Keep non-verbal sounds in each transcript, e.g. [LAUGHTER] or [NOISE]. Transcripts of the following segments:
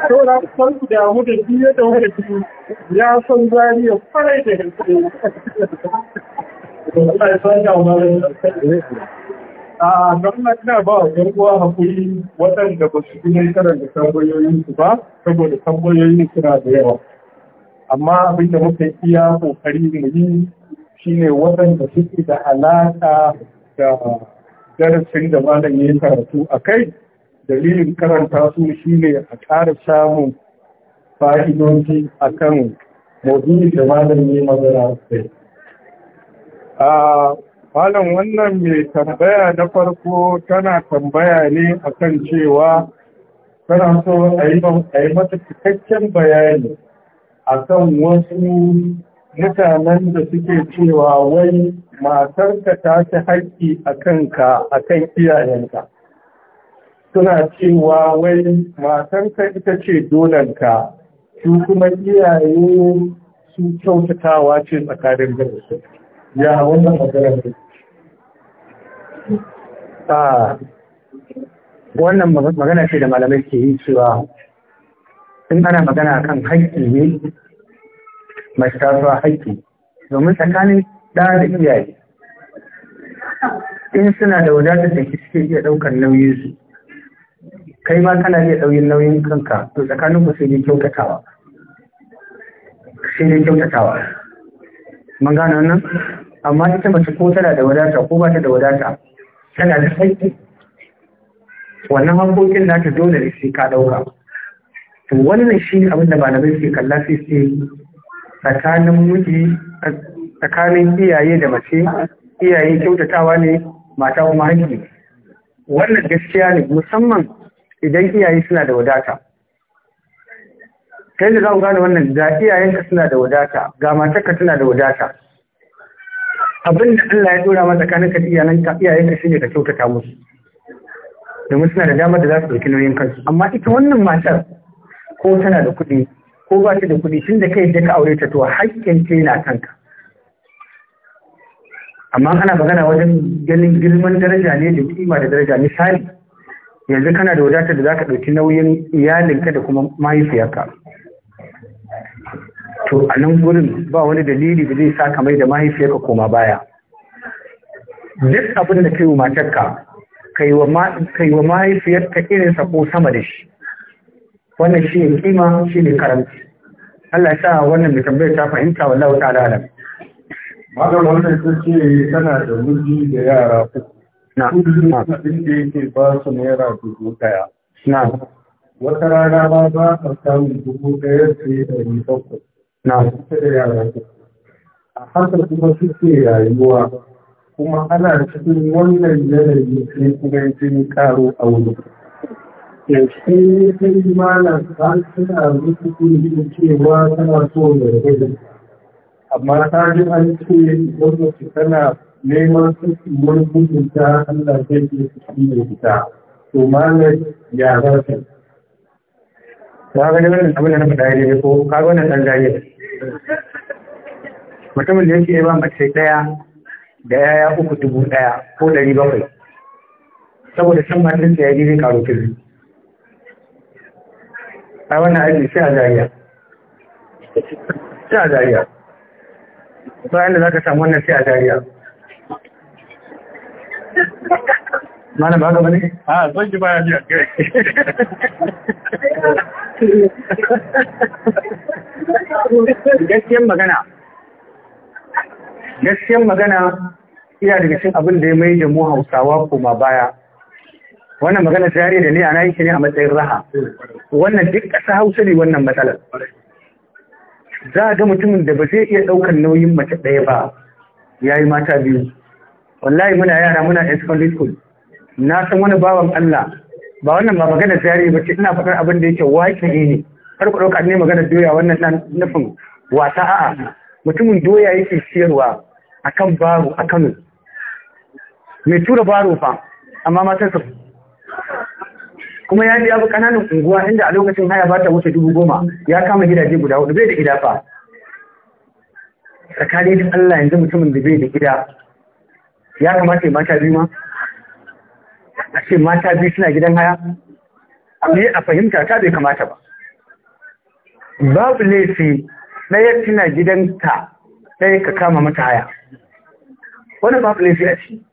saboda san ku da muka ji yadda muka ya san zariya kwarai da gaske Allah ya san ga umarin a gwamna ina ba wa yan uwa hakuri waɗanda ba su kuma karanta tambayoyin su ba saboda tambayoyin suna da yawa amma abin da muka iya kokari mu yi shine waɗanda suke da alaƙa da darasin da malam ya karatu a kai dalilin karanta su shi ne a ƙara samun fa’idonci a kan maudu'i da malami magana sai. Malam wannan mai tambaya na farko tana tambaya ne akan cewa tana so a yi mata cikakken bayani akan wasu mutanen da suke cewa wai matarka ta ci haƙƙi a kanka a kan iyayenka. suna cewa wai matanka ita ce dolanka su kuma iyaye su kyautatawa ce tsakanin da su ya wannan magana ne a wannan magana ce da malamai ke yi cewa in ana magana kan haƙƙi ne mai tasowa haƙƙi domin tsakanin ɗa da iyaye in suna da wadatar da suke iya ɗaukar nauyin su kai ma kana iya ɗauyin nauyin kanka to tsakanin ku sai dai kyautatawa sai dai kyautatawa mun gane wannan amma ita mace ko tana da wadata ko ba ta da wadata tana da haƙƙi wannan hankokin na ta dole ne sai ka ɗauka to wannan shi abin da malamai suke kalla sai sai tsakanin miji tsakanin iyaye da mace iyaye kyautatawa ne mata kuma haƙƙi wannan gaskiya ne musamman idan iyaye suna da wadata kai da za ku gane wannan ga iyayenka suna da wadata ga matarka tana da wadata abin da Allah ya dora ma tsakaninka da iyayenka iyayenka shine ka kyautata musu domin suna da damar da za su ɗauki nauyin kansu amma ita wannan matar ko tana da kuɗi ko ba ta da kuɗi tun da kai da ka aure ta to haƙƙin ta yana kanka amma ana magana wajen ganin girman daraja ne da kima da daraja misali yanzu kana da wadatar da za ka ɗauki nauyin iyalinka da kuma mahaifiyarka to a nan gurin ba wani dalili da zai sa ka mai da mahaifiyarka koma baya duk abin da kai wa matarka kai wa mahaifiyarka sa ko sama da shi wannan shi ne kima shi ne karamci Allah sa wannan da tambayar ta fahimta wallahu ta'ala alam. Magar wannan sun ce tana da miji da yara uku na abin yake ba naira dubu daya na rana ba a samun dubu daya sai da na haka kuma suke rayuwa kuma ana cikin wannan yanayi sai kuma jin karo a wuri da shi kai malam har suna rubutu cewa tana so da rage amma ta ji an ce gwamnati tana neman suki wani ta Allah zai ke suki da fita to malar ya za su ta ga dole abin da na faɗa ne ko kagon na ɗan dan mutumin da yake ba mace daya da yaya uku dubu daya ko ɗari bakwai saboda san matan ya yi zai karo kirri a wannan aiki sai a zariya sai a zariya bayan da za ka samu wannan sai a zariya mana ba ga bane Ha, ah, zan ki baya ji a gaskiyar magana gaskiyar magana iya daga cikin abin da ya mai da mu hausawa koma baya wannan magana tare da ne ana yi shi ne a matsayin raha wannan duk ƙasa hausa ne wannan matsalar za a ga mutumin da ba zai iya ɗaukar nauyin mace ɗaya ba ya yi mata biyu wallahi muna yara muna yan secondary school na san wani bawan Allah ba wannan ba magana tsari ba ce ina faɗar abin da yake waƙi ne kar ku ɗauka ne magana doya wannan nan nufin wata a'a mutumin doya yake siyarwa akan baro a Kano mai tura baro fa amma matarsa kuma ya biya kananan unguwa inda a lokacin haya ba ta wuce dubu goma ya kama gidaje guda hudu bai da gida fa tsakanin Allah yanzu mutumin da bai da gida ya kamata ya mata biyu ma a ce mata biyu suna gidan haya ne a fahimta ta bai kamata ba babu laifi ɗaya gidan gidanta ɗaya ka kama mata haya wani babu laifi a ci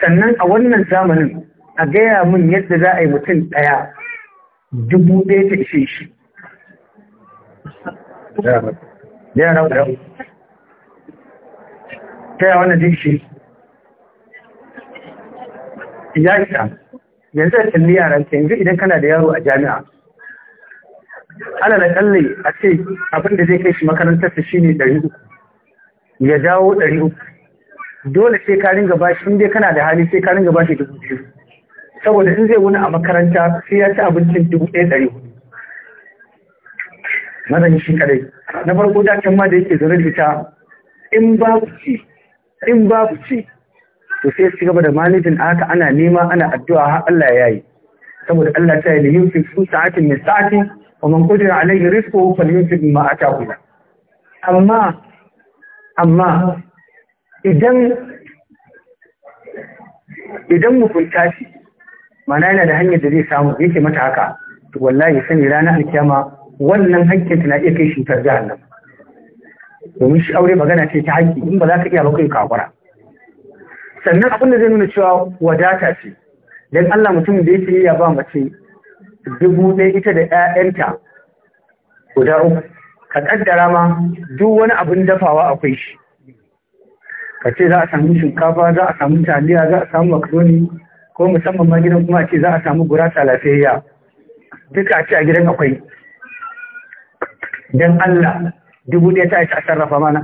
sannan a wannan zamanin a gaya min yadda za a yi mutum ɗaya dubu ɗaya ta ishe shi yara ta yawon da jin shi ya isa yanzu a kalli yaran ka yanzu idan kana da yaro a jami'a alal kalli a ce abin da zai kai shi makarantar shi shine ɗari uku ya dawo ɗari uku dole sai ka ringa bashi in dai kana da hali sai ka ringa bashi dubu biyu saboda in zai wuni a makaranta sai ya ci abincin dubu ɗaya ɗari hudu mazan shi kadai na farko da ma da yake zarar da ta in babu ci in babu ci to sai su gaba da malibin haka ana nema ana addu'a har Allah ya yi saboda Allah ta yi da yin fi su sa'atin mai sa'ati wa man kudura alayhi rizqu fa yunfiq ma ataahu amma amma idan idan mugunta mana yana da hanyar da zai samu yake mata haka to wallahi sani ranar alkiyama wannan hakkin na iya kai shi tar jahannam domin shi aure magana ce ta hakki in ba za ka iya ba kai kakura sannan abin da zai nuna cewa wadata ce don Allah mutum da yake ya ba mace dubu ɗaya ita da ƴaƴanta guda uku ka kaddara ma duk wani abin dafawa akwai shi ka ce za a samu shinkafa za a samu taliya za a samu makaroni ko musamman ma gidan kuma ce za a samu gurasa lafiyayya duka a ce a gidan akwai don Allah dubu ɗaya ta a sarrafa mana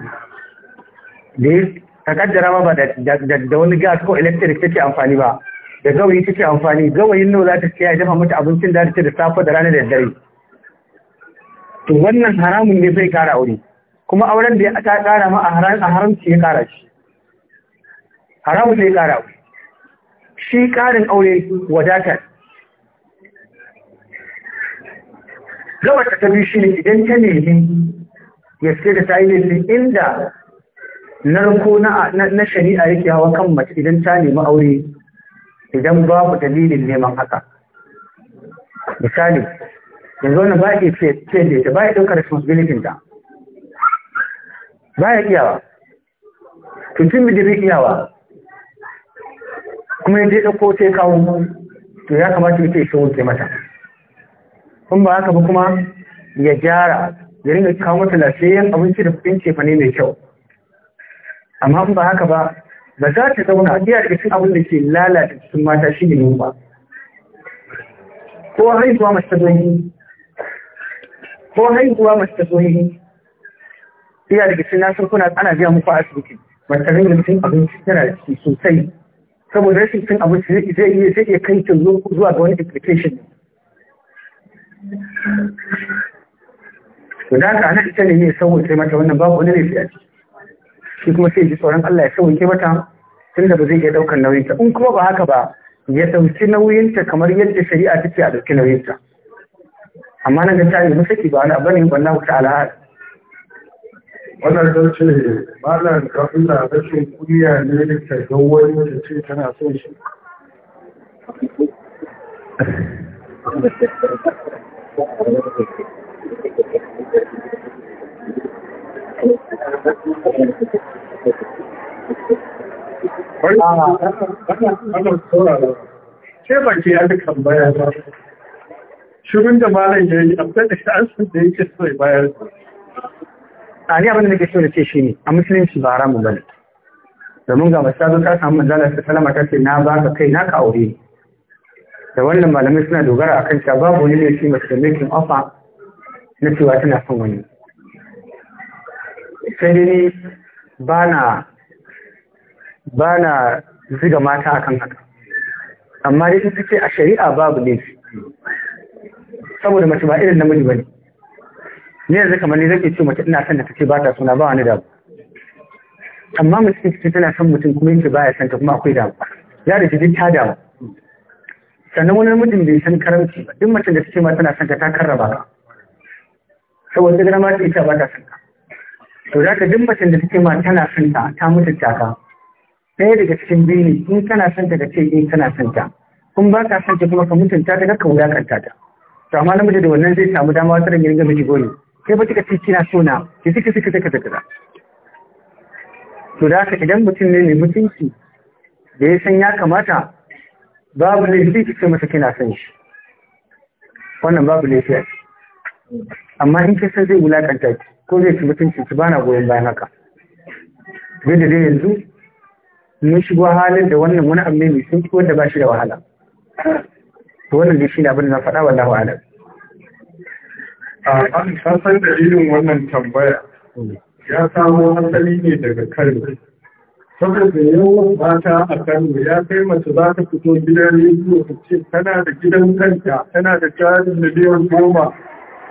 ka kaddara ma ba da wani gas ko electric take amfani ba da gawayi take amfani gawayin nawa za ta siya ya dafa mata abincin da take da safe da rana da dare to wannan haramun ne bai kara aure kuma auren da ta kara ma a haramci ya kara shi haramun ne ya kara aure shi karin aure wadatar gabata ta biyu shi ne idan ta nemi ya da ta yi inda Na ranko na shari'a yake hawa kan mace idan ta nemi aure idan babu dalilin neman haka misali yanzu wannan ba ya ce da ita ba ya ɗaukar responsibility ta ba ya iyawa tuntun bi da bai iyawa kuma yadda ya ɗauko sai kawo to ya kamata ita ya wuce mata kun ba haka ba kuma ya gyara ya ringa kawo mata lafiyayyen abinci da kuɗin cefane ne mai kyau amma ba haka ba ba za ta zauna iya daga cikin abin da ke lalata cikin mata shi ne ba ko haihuwa mace ta ko haihuwa mace ta iya da cikin nasar kuna ana biya muku a asibiti mace ringa cikin abinci tana da ciki sosai saboda rashin cin abinci zai iya zai iya kai ta zuwa ga wani application Ku da haka ana ita ne ne saboda mata wannan babu wani fiye a ciki shi kuma sai ji tsoron Allah ya sauke mata tun da ba zai iya ɗaukar nauyinta in kuma ba haka ba ya dauki nauyinta kamar yadda shari'a take a dauki nauyinta amma nan ga tare da saki ba wani abu ne wallahu ta'ala wannan don ce malam kafin da rashin kuliya ne da ta ga wani da ce tana son shi [LAUGHS] Ke ba ke yadda tambaya ba. Shirin da malam ya yi abin da ansun da yake so ya bayar da. A ni abin da nake so da ce shi ne, a musulunci ba haramu ba ne. Domin ga masu zo ka samu manzana ta salama ta ce na ba ka kai na ka aure Da wannan malamai suna dogara a kan cewa babu wani ne shi mace making offer na cewa tana son wani. sai dai ni ba na ba na ziga mata a kan haka amma dai ta ce a shari'a babu laifi saboda mace ba irin namiji ne. ni yanzu kamar ni zai ce mace ina son da ce ba ta suna ba wani ba. amma mutum ce tana son mutum kuma yake baya san ta kuma akwai ba. ya da duk ta damu sannan wani namijin bai san karamci ba duk mace da ce ma tana son ta ta karraba ka saboda gana ma ta ita ba ta san ka to za ka macen da take ma tana son ta ta mutunta ka ɗaya daga cikin biyu in kana son ta ka ce in eh, kana son ta kun ba ka son ta kuma ka mutunta ta ka wulakanta ta to amma namiji da wannan zai samu dama wata rangin ga miji gori sai ba kika ce kina so na ki suka suka suka ta da to da ka idan mutum ne mai mutunci da ya san ya kamata babu laifi ki kike masa kina son shi wannan babu laifi amma in kisa zai wulakanta ki ko zai ci mutunci su bana goyon bayan haka duk da dai yanzu mun shigo halin da wannan wani abu ne mai sun wanda ba shi da wahala to wannan dai shine abin da na faɗa wa alam a an san irin wannan tambaya ya samo asali ne daga Kano saboda yawan mata a Kano ya kai mace za ta fito gidan rediyo ta ce tana da gidan kanta tana da jari miliyan goma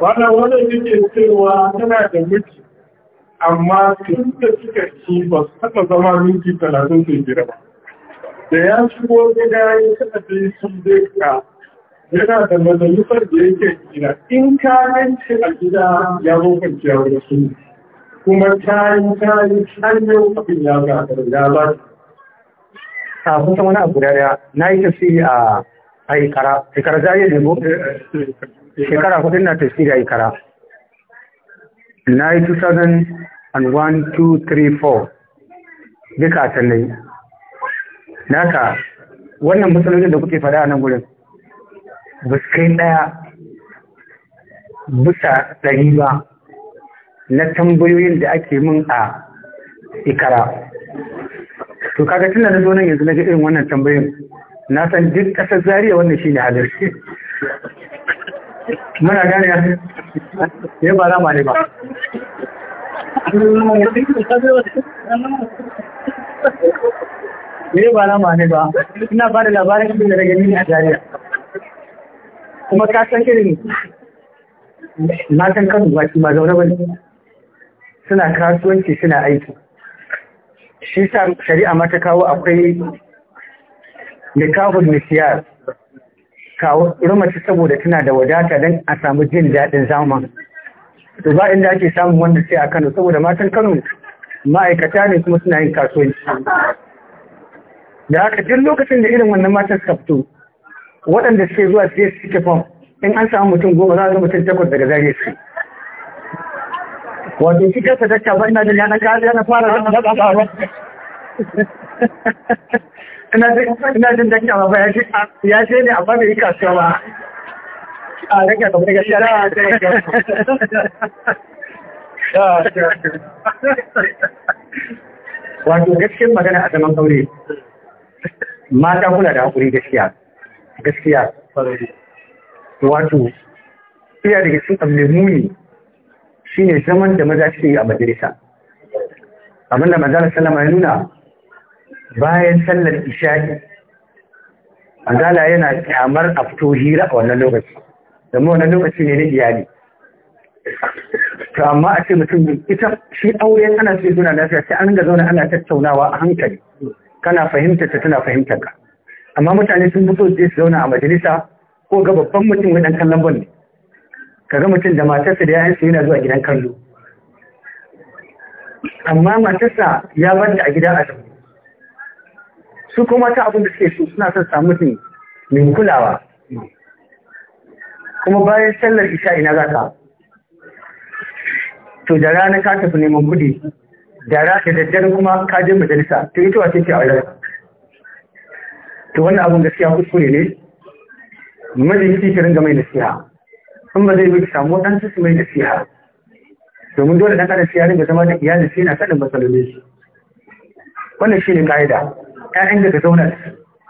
Bana wani suke cewa tana da miki, amma tun da suka ci ba su taɓa zama minti talatin su gida ba. Da ya shigo gida ya taɓa da sun zai ka yana da majalisar da yake gida. In ka yanci a gida ya zo kwanciya wani su. Kuma ta yi ta hanyar abin ya ga ya ba. A kusa wani abu da na yi tafi a aikara, aikara zai yi ne eh, eh, eh, shekara hudu na tafiya yi ikara na yi 2001-234 duka a Na naka wannan matsalolin da kuke fada a nan gudun, buskai ɗaya busa ɗari ba na tambayoyin da ake min a ikara to kaga tunan da na zo nan yanzu na ga irin wannan tambayin. na san duk ƙasar zariya wannan shi ne halarci muna gane ya ba rama ne ba ne ba rama ne ba ina ba da labarin da daga gani a jariya kuma ka san irin na san kan baki ma zaune ne. suna kasuwanci suna aiki shi sa shari'a ma ta kawo akwai nikahul misiyar kawo mace saboda tana da wadata don a samu jin daɗin zama to ba inda ake samun wanda sai a Kano saboda matan Kano ma'aikata ne kuma suna yin kasuwanci da haka duk lokacin da irin wannan matan suka fito waɗanda suke zuwa su su suke fam in an samu mutum goma za a ga mutum takwas daga zare su wato shi ta dakta ba ina jin yana fara zama [LAUGHS] ina jin dakta a ba ya ce ne a bai yi kasuwa ba a da daga shara da ya wato gaskiyar magana a zaman aure mata kula da hakuri gaskiya gaskiya wato iya daga cikin abu muni shine zaman da maza suke yi a majalisa abinda maza sallama ya nuna bayan sallar isha'i azala yana kyamar afto fito hira a wannan lokaci domin wannan lokaci ne na iyali to amma a ce mutum ita shi aure ana ce suna lafiya sai an ga zauna ana tattaunawa a hankali kana fahimtar ta tana fahimtar ka amma mutane sun fito je su zauna a majalisa ko ga babban mutum wani dan kallon ne ka ga mutum da matarsa da yayansa yana zuwa gidan kallo amma matarsa ya bar a gida a zaune su kuma ta abin da suke su suna son samu mutum mai kulawa kuma bayan sallar isha ina za ka to da rana ka tafi neman kudi da rana da daddare kuma ka je majalisa to ita wace ce a wajen to wannan abin gaskiya kuskure ne majalisi ki ringa mai nasiha in ba zai wuce samu wadansu su mai nasiha domin dole na adam siyarin da zama da iyali sai na sanin matsalolin shi wannan shi ne ka'ida ‘ya’yan da ka zauna da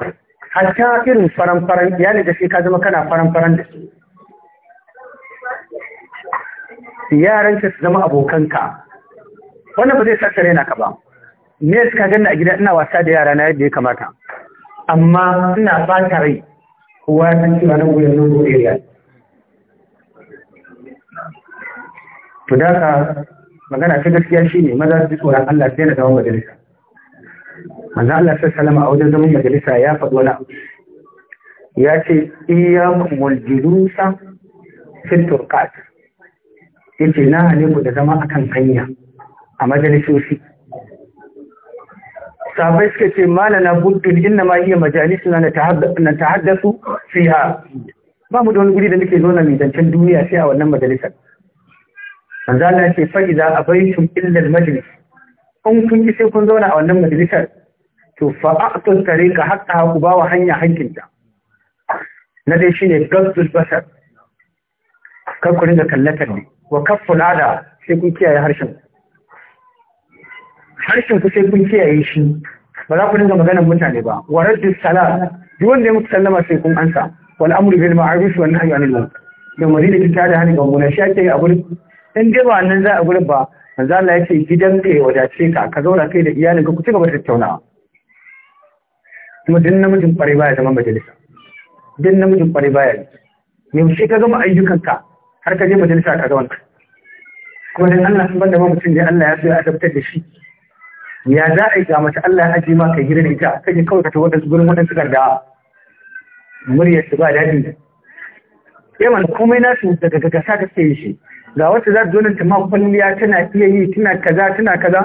su hatta irin faran-faran iyali da shi ka zama kana faran-faran da su ka su zama abokanka wannan ba zai sassa raina ka ba me suka ganna a gida ina wasa da yara na yadda ya kamata amma ina fata rai kowa ya san cewa nan wuyan nan goyon area Tudaka da ka magana ta gaskiya shine maza su ji tsoron Allah sai na zama majalisa manzo Allah sallallahu a wajen zaman majalisa ya faɗi wani ya ce iya wal julusa fil turqat yace na ne ku da zama akan hanya a majalisoshi sabai suka ce malana buddin inna ma hiya majalisuna na ta tahaddasu fiha ba mu da wani guri da muke zo na mizancen duniya sai a wannan majalisar manzo Allah ce fa idza abaitum illa al majlis in kun ki sai kun zauna a wannan majalisar to fa aqtul ka hatta ku bawa hanya hankinta na dai shine gasdul basar kar ku ringa kallatar ne wa kafful ada sai kun kiyaye harshen harshen ku sai kun kiyaye shi ba za ku dinga maganar mutane ba wa raddus salat duk wanda ya muku sallama sai kun ansa wal amru bil ma'ruf wa nahyi anil munkar da mari da kita da hannun ganguna shi ake yi a gurin in dai ba nan za a gurin ba manzo Allah ya ce gidan kai wadace ka ka zauna kai da iyalin ka ku ci gaba da tattaunawa kuma duk namijin kwarai baya zama majalisa duk namijin kwarai baya yi yaushe ka gama ayyukanka har ka je majalisa ka ga wannan kuma dan Allah sun banda ma mutum da Allah ya so ya adabtar da shi ya za a yi ga mace Allah ya ajiye ma ka gida ita ka je kawai ka tawo da gurin wadansu da muryar su ba daɗi yaman eh komai nasu daga gagasa ta ke shi ga wata za ta zo nan ta ma kwalliya tana iya yi tana kaza tana kaza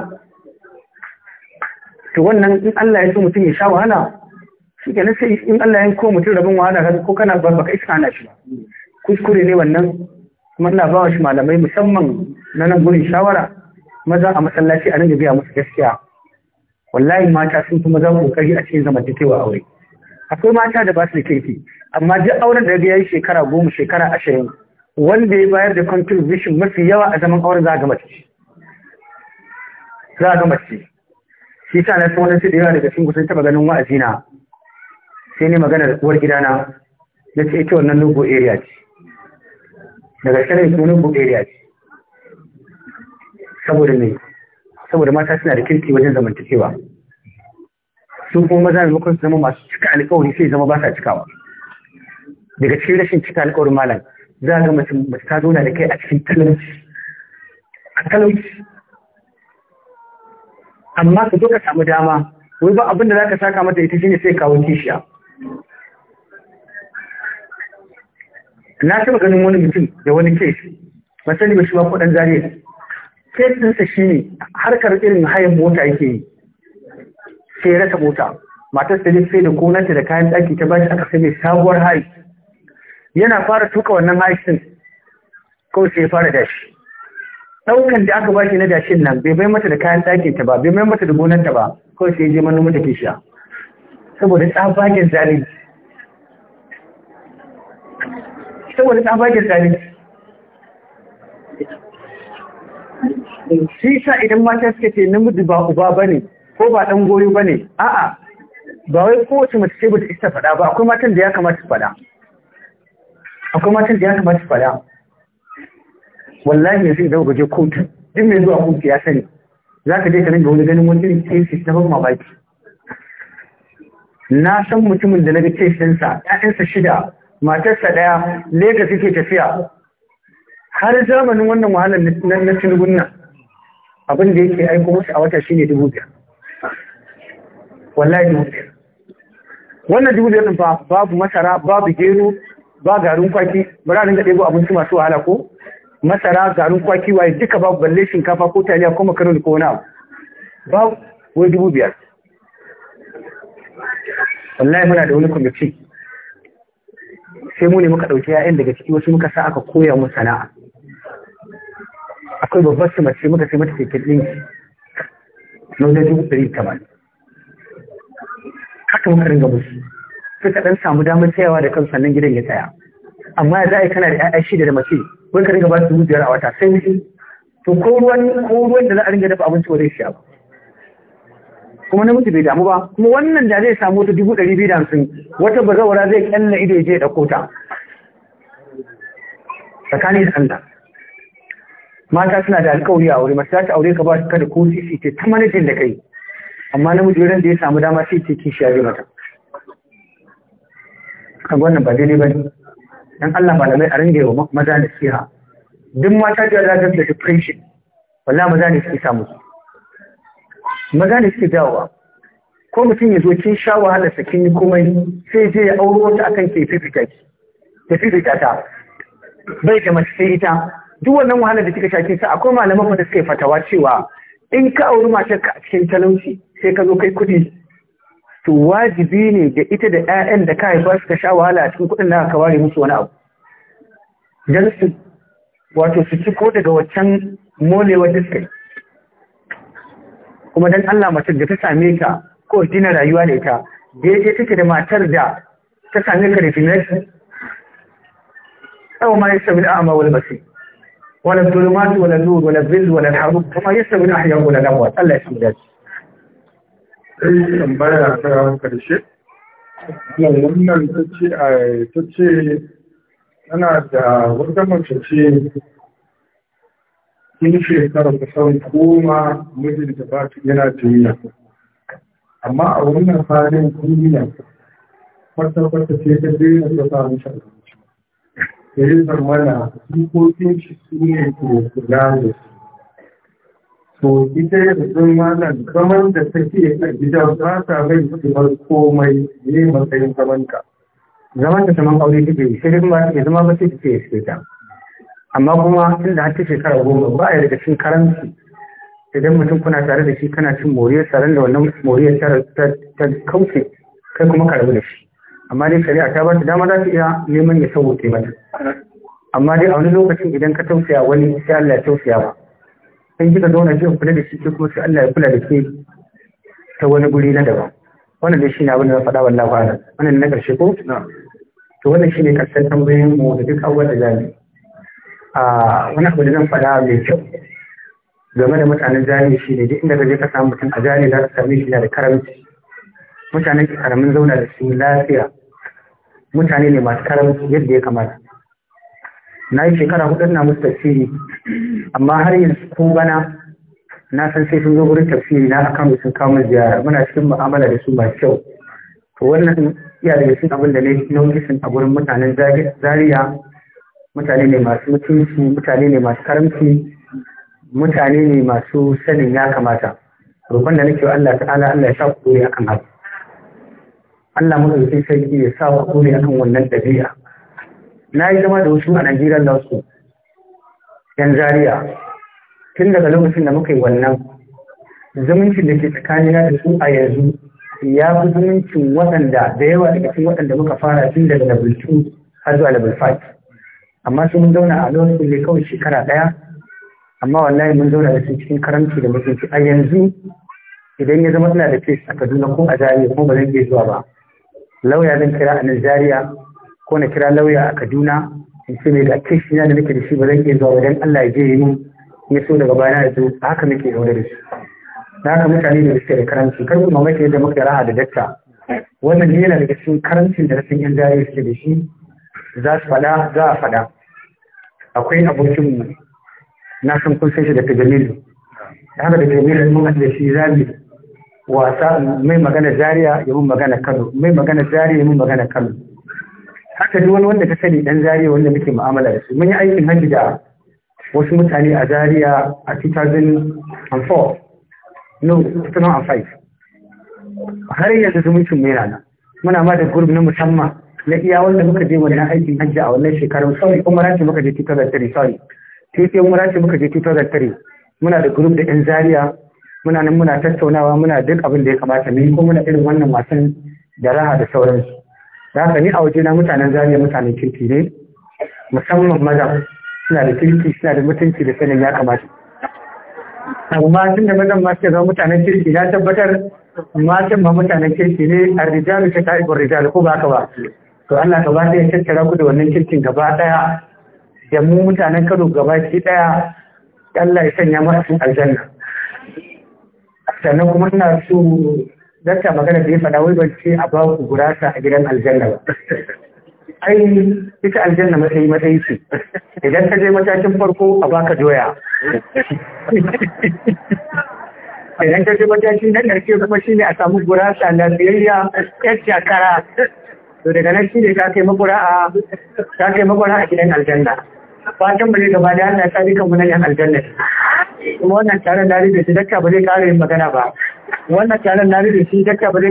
to wannan in Allah ya so mutum ya sha wahala shi ke sai in Allah ya ko mutum rabin wahala ka ko kana bar baka iska na shi ba kuskure ne wannan kuma ina ba shi malamai musamman na nan gurin shawara maza a masallaci a nan da biya musu gaskiya wallahi mata sun fi maza kokari a cikin zamantakewa aure akwai mata da ba su da kirki amma duk auren da ya yi shekara goma shekara ashirin wanda ya bayar da contribution mafi yawa a zaman auren za a gama mace za a gama mace shi ta na wani sai da yawa daga cikin kusan taba ganin wa'azi na sai ne maganar uwar gidana na ce ita wannan nubu area ce daga shirin su nubu area ce saboda ne saboda mata suna da kirki wajen zamantakewa su kuma maza maimakon su zama masu cika alkawari sai zama ba sa cikawa daga cikin rashin cika alkawari malam za ga mace mace ta zauna da kai a cikin talauci a talauci amma ka zo ka samu dama wai ba abin da za ka saka mata ita shine sai kawo kishiya na taɓa ganin wani mutum da wani case ba sani ba shi ba kuɗin zariya case ɗinsa shi ne harkar irin hayan mota yake yi sai rasa mota matar ta sai da gonarta da kayan ɗaki ta bashi aka sai sabuwar hayi yana fara tuka wannan hayi kawai sai ya fara dashi ɗaukan da aka bashi na dashin nan bai bai mata da kayan ɗakin ta ba bai bai mata da gonanta ba kawai sai ya je manomin da ke sha saboda tsafagen zalunci saboda tsafagen zalunci shi sa idan mata suka ce namiji ba uba ba ne, ko ba ɗan dan ba ne, a'a ba wai kowace mace ce bata isa faɗa ba akwai matan da ya kamata su faɗa akwai matan da ya kamata su faɗa wallahi yanzu idan ka je kotu duk mai zuwa kotu ya sani za ka je ka ringa wani ganin wani irin cases na ban mamaki na san mutumin da na ga kefinsa ‘ya'yansa shida matarsa ɗaya Legas yake tafiya har zamanin wannan wahalar na tilibin nan abin da yake aiko musu a wata ne dubu biyar wallahi dubu biyar wannan dubu biyar ba, babu masara babu gero ba garin kwaki ba ranar ɗebo abinci masu wahala ko masara garin kwaki waye duka babu balle shinkafa ko taliya ko makaroni ko wani abu babu wai dubu biyar wallahi muna da wani kwamiti sai mu ne muka ɗauki ‘ya'yan daga ciki wasu muka sa aka koya mu sana'a akwai babbar su mace muka sai mata keken ɗinki na wajen dubu ɗari tamanin haka muka ringa musu ka ɗan samu damar tsayawa da kansu sannan gidan ya tsaya amma za a yi kana da ‘ya'ya shida da mace wani ka ringa ba su dubu biyar a wata sai to ko ruwan da za a ringa dafa abinci wajen shi abu kuma namiji bai damu ba kuma wannan da zai samu wata dubu ɗari biyu da hamsin wata bazawara zai kyalla ido ya je ya ɗauko ta tsakani da Allah mata suna da alƙawari a aure masu za aure ka ba su kada ko su ce ta manajin da kai amma namiji wurin da ya samu dama sai ce kishi ya mata kan wannan ba daidai ba ne dan Allah malamai a ringe wa maza da siya duk mata da za ta da depression wallahi maza ne suke samu su maza ne suke dawowa ko mutum ya zo kin sha wahala sa kin yi komai sai je ya auro wata akan ke fifita ki ta fifita ta bai da mace sai ita duk wannan wahala da kika sha kin sa akwai malaman da suke fatawa cewa in ka auri mace ka a cikin talauci sai ka zo kai kuɗi to wajibi ne da ita da 'ya'yan da ka haifa suka sha wahala a cikin kuɗin da ka ware musu wani abu dan su wato su ci ko daga waccan molewar da suka kuma dan Allah matar da ta same ka ko dina rayuwa ne ita daidai take da matar da ta same ka da finance أو ما يستوي الأعمى والبصير ولا الظلمات ولا النور ولا الظل ولا الحرب وما يستوي الأحياء ولا الأموات الله يسمى ذلك tambaya ta yawon karshe wannan ta ce tana da in shekarar da sauran koma mijinta ba yana duniya amma a wannan halin duniya kwata-kwata ce ta daina ta sa mishi abinci da ya zamana jikokin shi su ne ke kula da su to ita ya zan wannan zaman da ta ke a gida ba ta su ba komai ne matsayin zamanka zaman da saman aure shirin ba ta ya zama ba ta ke shirin ta amma kuma inda har ta shekara goma ba a daga cin karanci idan mutum kuna tare da shi kana cin moriyar tsaron da wannan moriyar ta kauce kai kuma ka rabu da shi amma dai shari'a ta ba ta dama za ta iya neman ya sauke mata amma dai a wani lokacin idan ka tausaya wani sai Allah ya tausaya ba in kika zauna ki kula da shi ke kuma sai Allah ya kula da ke ta wani guri na daban wannan dai shine abin da faɗa wallahi wannan na karshe ko to wannan shine karshen tambayoyin mu da duk abubuwan da zamu yi wani abu da zan faɗa mai kyau game da mutanen jami shi ne duk inda ka je ka samu mutum a jami za ka same shi da karamci mutanen karamin zauna da su lafiya mutane ne masu karamci yadda ya kamata na yi shekara hudu na musu tafsiri amma har yanzu ko bana na san sai sun zo wurin tafsiri na akan sun kawo ziyara muna cikin mu'amala da su ba kyau to wannan iya daga sun abin da na yi sun a gurin mutanen Zariya. mutane ne masu mutunci mutane ne masu karamci mutane ne masu sanin ya kamata roƙon da nake Allah ta'ala Allah ya sa ku dore akan haka Allah mu ɗauki sarki ya sa ku a akan wannan ɗabi'a na yi zama da wasu a Najeriya da wasu yan Zaria tun daga lokacin da muka yi wannan zumuncin da ke tsakanina da su a yanzu ya fi zumuncin waɗanda da yawa daga cikin waɗanda muka fara tun daga level 2 har zuwa level 5 amma sai mun zauna a zaunin kulle kawai shekara ɗaya amma wallahi mun zauna da su cikin karanci da mutunci a yanzu idan ya zama ina da fes a kaduna ko a zariya ko ba zan iya zuwa ba lauya zan kira a nan ko na kira lauya a kaduna in ce mai da kes na da nake da shi ba zan iya zuwa ba dan allah ya je yi mun ya so daga baya ya zo haka muke zaune da shi na haka mutane da suke da karanci kar ku mamaki yadda muka raha da dakta wannan yana daga cikin karancin da rashin yan zariya suke da shi za su faɗa za a faɗa akwai abokinmu na san kun san shi da tajamilu da haka da tajamilu mun haɗu shi zabi wasa mai magana Zariya, ya mun magana kano mai magana Zariya, ya mun magana kano haka duk wani wanda ka sani dan Zariya wanda muke mu'amala da su mun yi aikin haji da wasu mutane a Zariya a 2004 no 2005 har yanzu zumuncin mu yana nan muna ma da gurbi na musamman na iya wanda muka je wannan aikin hajji a wannan shekarar sauri umara ce muka je 2003 sauri sai umara ce muka je 2003 muna da group da yan zaria muna nan muna tattaunawa muna duk abin da ya kamata mu ko muna irin wannan wasan da raha da sauransu da haka ni a waje na mutanen zaria mutanen kirki ne musamman maza suna da kirki suna da mutunci da sanin ya kamata amma tun da mazan masu suke zama mutanen kirki na tabbatar matan ma mutanen kirki ne a rijalu ta ka'ibin rijalu ko ba ka ba to Allah gaba ɗaya tattara ku da wannan cikin gaba ɗaya da mu mutanen Kano gaba ki ɗaya Allah ya sanya mu cikin aljanna sannan kuma ina so zata magana da ya faɗa wai ban ce a ba ku gurasa a gidan aljanna ba ai ita aljanna matsayi matsayi ce idan ka je matakin farko a baka doya idan ka je matakin na ƙarshe kuma shine a samu gurasa lafiyayya yar shakara to daga nan shi ne ta yi makura a ka yi makura a gidan aljanna fatan mu ne gaba da Allah ta rika mu nan yan aljanna kuma wannan taron na rubuta dakka ba zai kare magana ba wannan taron na rubuta dakka ba zai